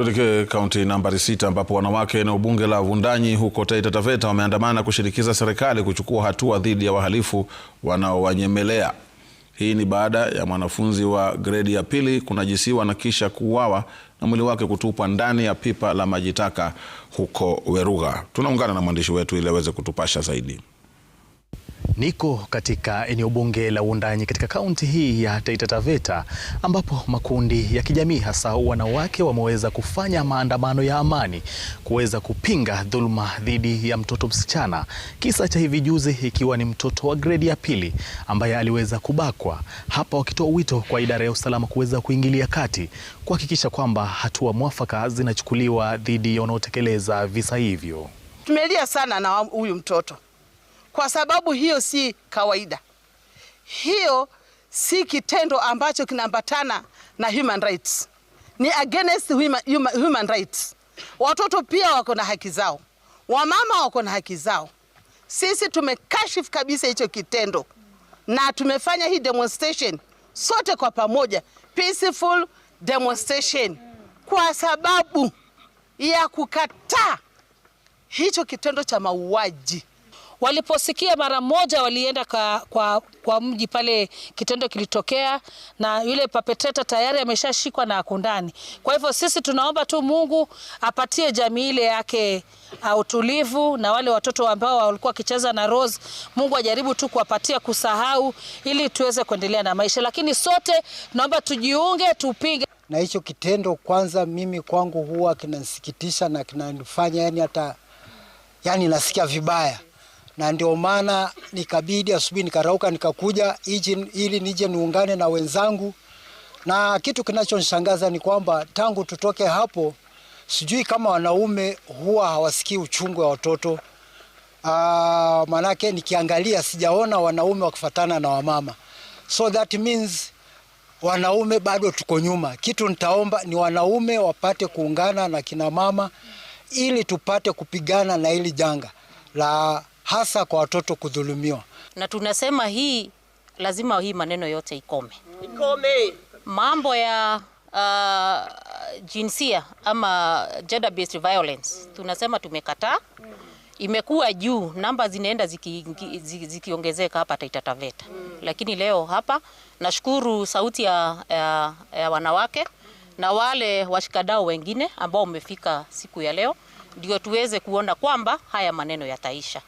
Tuelekee kaunti nambari sita ambapo wanawake eneo bunge la vundanyi huko Taita Taveta wameandamana kushinikiza serikali kuchukua hatua dhidi ya wahalifu wanaowanyemelea. Hii ni baada ya mwanafunzi wa gredi ya pili kunajisiwa na kisha kuuawa na mwili wake kutupwa ndani ya pipa la maji taka huko Werugha. Tunaungana na mwandishi wetu ili aweze kutupasha zaidi. Niko katika eneo bunge la Wundanyi katika kaunti hii ya Taita Taveta ambapo makundi ya kijamii hasa wanawake wameweza kufanya maandamano ya amani kuweza kupinga dhuluma dhidi ya mtoto msichana, kisa cha hivi juzi ikiwa ni mtoto wa gredi ya pili ambaye aliweza kubakwa, hapa wakitoa wito kwa idara ya usalama kuweza kuingilia kati kuhakikisha kwamba hatua mwafaka zinachukuliwa dhidi ya wanaotekeleza visa hivyo. Tumelia sana na huyu mtoto kwa sababu hiyo si kawaida, hiyo si kitendo ambacho kinaambatana na human rights, ni against human, human, human rights. Watoto pia wako na haki zao, wamama wako na haki zao. Sisi tumekashifu kabisa hicho kitendo na tumefanya hii demonstration sote kwa pamoja, peaceful demonstration, kwa sababu ya kukataa hicho kitendo cha mauaji. Waliposikia mara moja walienda kwa, kwa, kwa mji pale kitendo kilitokea, na yule papeteta tayari ameshashikwa na akundani. Kwa hivyo sisi tunaomba tu Mungu apatie jamii ile yake uh, utulivu, na wale watoto ambao walikuwa wakicheza na Rose, Mungu ajaribu tu kuwapatia kusahau, ili tuweze kuendelea na maisha, lakini sote naomba tujiunge, tupinge na hicho kitendo. Kwanza mimi kwangu huwa kinanisikitisha na kinanifanya yani hata yani nasikia vibaya na ndio maana nikabidi asubuhi nikarauka nikakuja ili nije niungane na wenzangu, na kitu kinachonishangaza ni kwamba tangu tutoke hapo, sijui kama wanaume huwa hawasikii uchungu wa watoto. Ah, maanake nikiangalia sijaona wanaume wakifatana na wamama, so that means wanaume bado tuko nyuma. Kitu nitaomba ni wanaume wapate kuungana na kinamama ili tupate kupigana na hili janga la hasa kwa watoto kudhulumiwa, na tunasema hii lazima hii maneno yote ikome, ikome. Mambo ya uh, jinsia ama gender based violence tunasema tumekataa, imekuwa juu, namba zinaenda zikiongezeka hapa Taita Taveta, lakini leo hapa nashukuru sauti ya, ya, ya wanawake na wale washikadau wengine ambao wamefika siku ya leo ndio tuweze kuona kwamba haya maneno yataisha.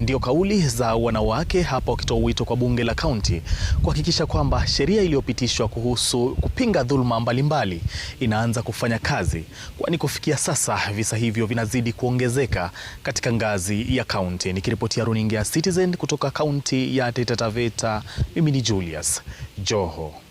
Ndio kauli za wanawake hapa wakitoa wito kwa bunge la kaunti kuhakikisha kwamba sheria iliyopitishwa kuhusu kupinga dhuluma mbalimbali inaanza kufanya kazi, kwani kufikia sasa visa hivyo vinazidi kuongezeka katika ngazi ya kaunti. Nikiripotia runinga ya Citizen kutoka kaunti ya Taita Taveta, mimi ni Julius Joho.